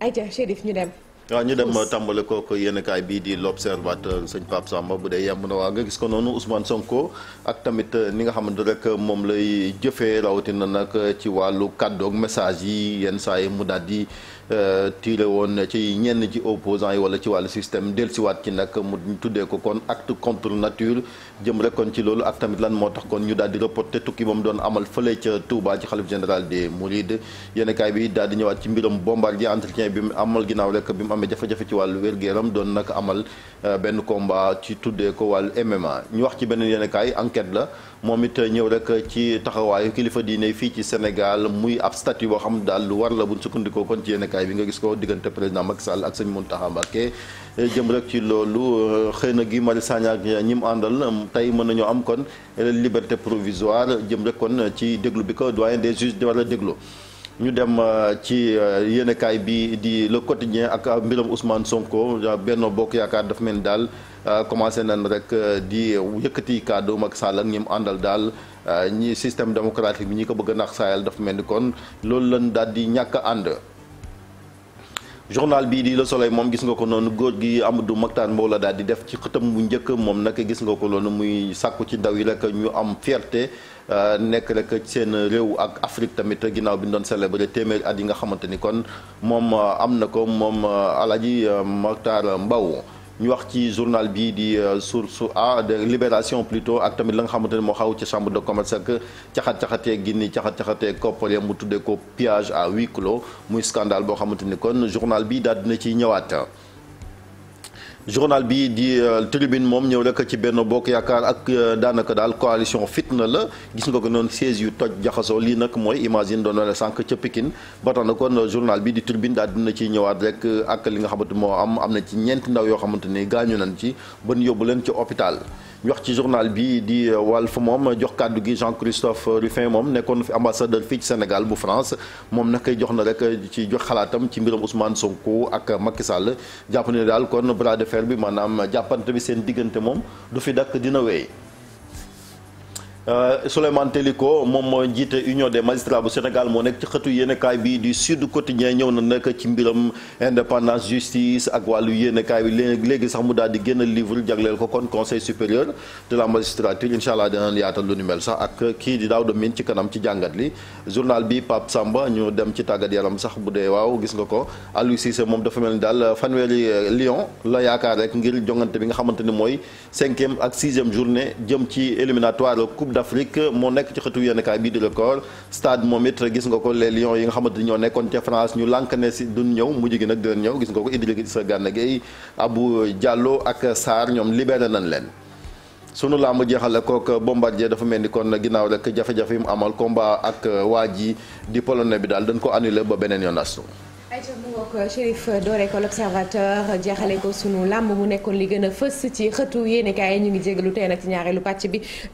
ayca Chérif ñu dem. waa ñu dem tàmbale kooku yéen kaay bii di l' observateur sëñ Pape Samba bu dee yemb na waa nga gis ko noonu Ousmane Sonko ak tamit ni nga xam xamante rek moom lay jëfee rawatina nag ci wàllu kàddu ak message yi yenn saa yi mu daal di euh, tiire woon ci ñenn ci opposants yi wala ci wàllu système dellusiwaat ci nag mu tuddee ko kon acte contre nature jëm rek kon ci loolu ak tamit lan moo tax kon ñu daal di reporté tukki ba mu doon amal fële ca Touba ci xalif général des kaay bi daal di ñëwaat ci mbiram bombardier entretien bi mu amal ginnaaw amee jafe-jafe ci wàllu wér-gu-yaram doon nag amal euh, benn combat ci tuddee ko wàllu MMA ñu wax ci beneen yéenekaay enquête la moom it ñëw rek ci taxawaayu kilifa diine fii ci Sénégal muy ab statut boo xam daal lu war la bu sukkandikoo kon ci yéenekaay bi nga gis ko diggante président Macky Sall ak sañ sëñ taxa Mbacké euh, jëm rek ci loolu euh, xëy na gi Mari Sagna ak ñi mu àndal tey mën nañoo am kon liberté provisoire jëm rek kon ci déglu bi ko doyen des juges di war déglu ñu dem euh, ci euh, yéenekaay bi di le quotidien ak euh, mbiram Ousmane Sonko benn Bokk Yaakaar dafa mel ni daal commencé nañ rek di yëkkati kàddu Macky Sall ak ñi mu àndal daal ñii système démocratique bi ñu ko bëgg a nax saayal dafa mel ni kon loolu lañ daal di ñàkk ànd. journal bii di la Soleil moom gis nga ko noonu góor gi Amadou Mahtar Mbow la daal di def ci xëtam bu njëkk moom nag gis nga ko noonu muy sàkku ci ndaw yi rek ñu am fierte euh, nekk rek seen réew ak Afrique tamit ginnaaw bi ñu doon célébré téeméeri at yi nga xamante ni kon moom euh, am na ko moom euh, Alaaji Mahtar mbaw ñu wax ci journal bi di euh, source A de libération plutôt ak tamit la nga xamante ne moo xaw ci chambre de commerce ak caxat-caxatee ginni caxat-caxatee koppale mu tuddee ko pillage à huis clos muy scandale boo xamante ni kon journal bi daal dina ciy ñëwaat journal bi di euh, tribune moom ñëw rek ci benn bokk yaakaar ak euh, daanaka daal coalition fitna la gis nga ko noonu siège yu toj jaxasoo lii nag mooy imagine doon la sànq ca Pikine ba na kon journal bi di tribune daal dina ci ñëwaat rek euh, ak li nga xamante moo am am na ci ñeenti ndaw yoo xamante ni gaañu nañ ci ban yóbbu leen ci hôpital ñu ci journal bi di euh, fa moom jox kàddu gi Jean-Christophe Ruffin moom nekkoon fi ambassadeur fii ci Sénégal bu France moom nag jox na rek euh, ci jox xalaatam ci mbiram Ousmane Sonko ak Macky Sall jàpp ne daal kon bras de fer bi maanaam jàppante bi seen diggante moom du fi dakk dina wéy. Euh, Souleymane Teliko moom mooy njiite union des magistrats bu Sénégal moo nekk ci xëtu yéenekaay bi du Sud Quotidien ñëw na nekk ci mbiram indépendance justice ak wàllu yéenekaay bi léegi sax mu daal di génn livre jagleel ko kon conseil supérieur de la magistrature incha allah dinañ yaatal lu ni mel sax ak kii di daaw de min ci kanam ci jàngat li journal bi Pape Samba ñu dem ci tàggat yaram sax bu dee waaw gis nga ko Aliou Cissé moom dafa mel ni daal fanweeri euh, Lyon la yaakaar rek bi nga xamante ni mooy cinquième ak sixième journée d'Afrique moo nekk ci xëtu yéenekaay bii di record stade moom it gis nga ko les lions yi nga xamante ni ñoo nekkoon ca France ñu lànk ne si duñ ñëw mujj gi nag ko Idrissa Gana Gueye Abou Diallo ak Sarr dafa mel ni kon ginnaaw rek jafe-jafe yi mu amal combat ak waa ji di polonais bi daal dañ ko annulé ba beneen yoon astu ayca mu ngoog Chérif dooree ko ko sunu làmb mu nekkoon li gën a fës ci xëtu yéenekaay yi ñu ngi jégalu tey nag ci ñaareelu pàcc bi